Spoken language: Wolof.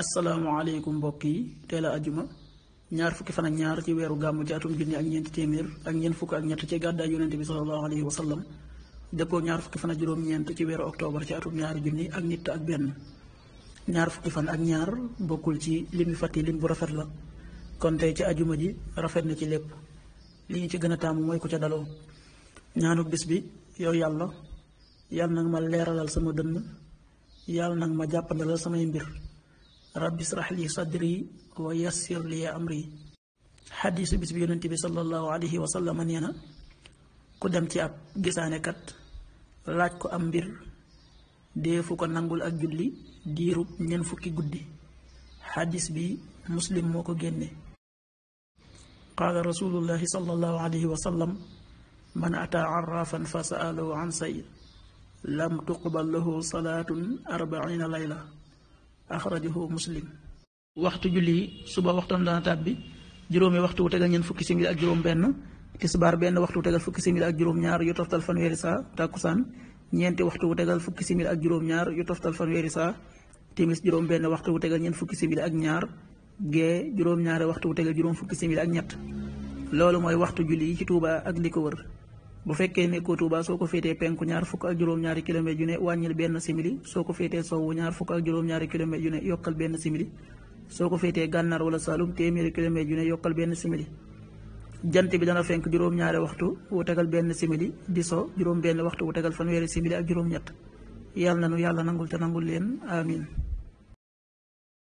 asalaamaaleykum mbokk yi tey la ajuma ñaar fukki fan ak ñaar ci weeru gàmmu ci atum junni ak ñeenti téeméer ak ñeent fukk ak ñett ci gàddaay yonente bi salallahu alayhi wa sallam dëppoo ñaar fukki fan ak juróom-ñeent ci weeru octobre ci atum ñaari junni ak nit ak benn ñaar fukki fan ak ñaar bokkul ci limu fàtti lim bu rafet la kon tey ci ajuma ji rafet na ci lépp li ñu ci gën a taamu mooy ko ca daloo ñaanu bis bi yow yàlla yàlla nag ma leeralal sama dënn yàlla nag ma jàppandalal samay mbir rabbi israh li sadri wa yassir li amri xadiisu bis bi yonent bi sallallahu alayhi wa sallam nee na ku dem ci ab gisaanekat laaj ko am mbir deefu ko nangul ak julli diirub ñeent fukki guddi xadis bi muslim moo ko génne qaala rasulullahi sallallahu alayhi wa sallam man ataa arraafan fa sa'alahu an say lam tuqbal lahu salaatun arbaina layla axrajahu muslim waxtu julli yi suba waxtam dana tàbbi juróomi waxtu wu tegal ñeent fukki simili ak juróom benn tisbaar benn waxtu wu tegal fukki simili ak juróom ñaar yu toftal fanweeri saa tàkkusaan ñeenti waxtu wu tegal fukki simili ak juróom ñaar yu toftal fanweeri saa timis juróom benn waxtu wu tegal ñeent fukki simili ak ñaar gee ñaari waxtu juróom fukki simili ak ñett loolu mooy waxtu julli yi ci Tuuba ak li ko wër bu fekkee nekkoo Touba soo ko féetee penku ñaar fukk ak juróom-ñaari kilomètres yu ne wàññil benn simili soo ko féetee sowwu ñaar fukk ak juróom-ñaari kilomètres yu ne yokkal benn simili soo ko féetee gànnaar wala Saalum téeméeri kilomètres yu ne yokkal benn simili jant bi dana fenk juróom-ñaari waxtu wu tegal benn simili di so juróom benn waxtu wu tegal fanweeri simili ak juróom-ñett yàlla na nu yàlla nangul te nangul leen amin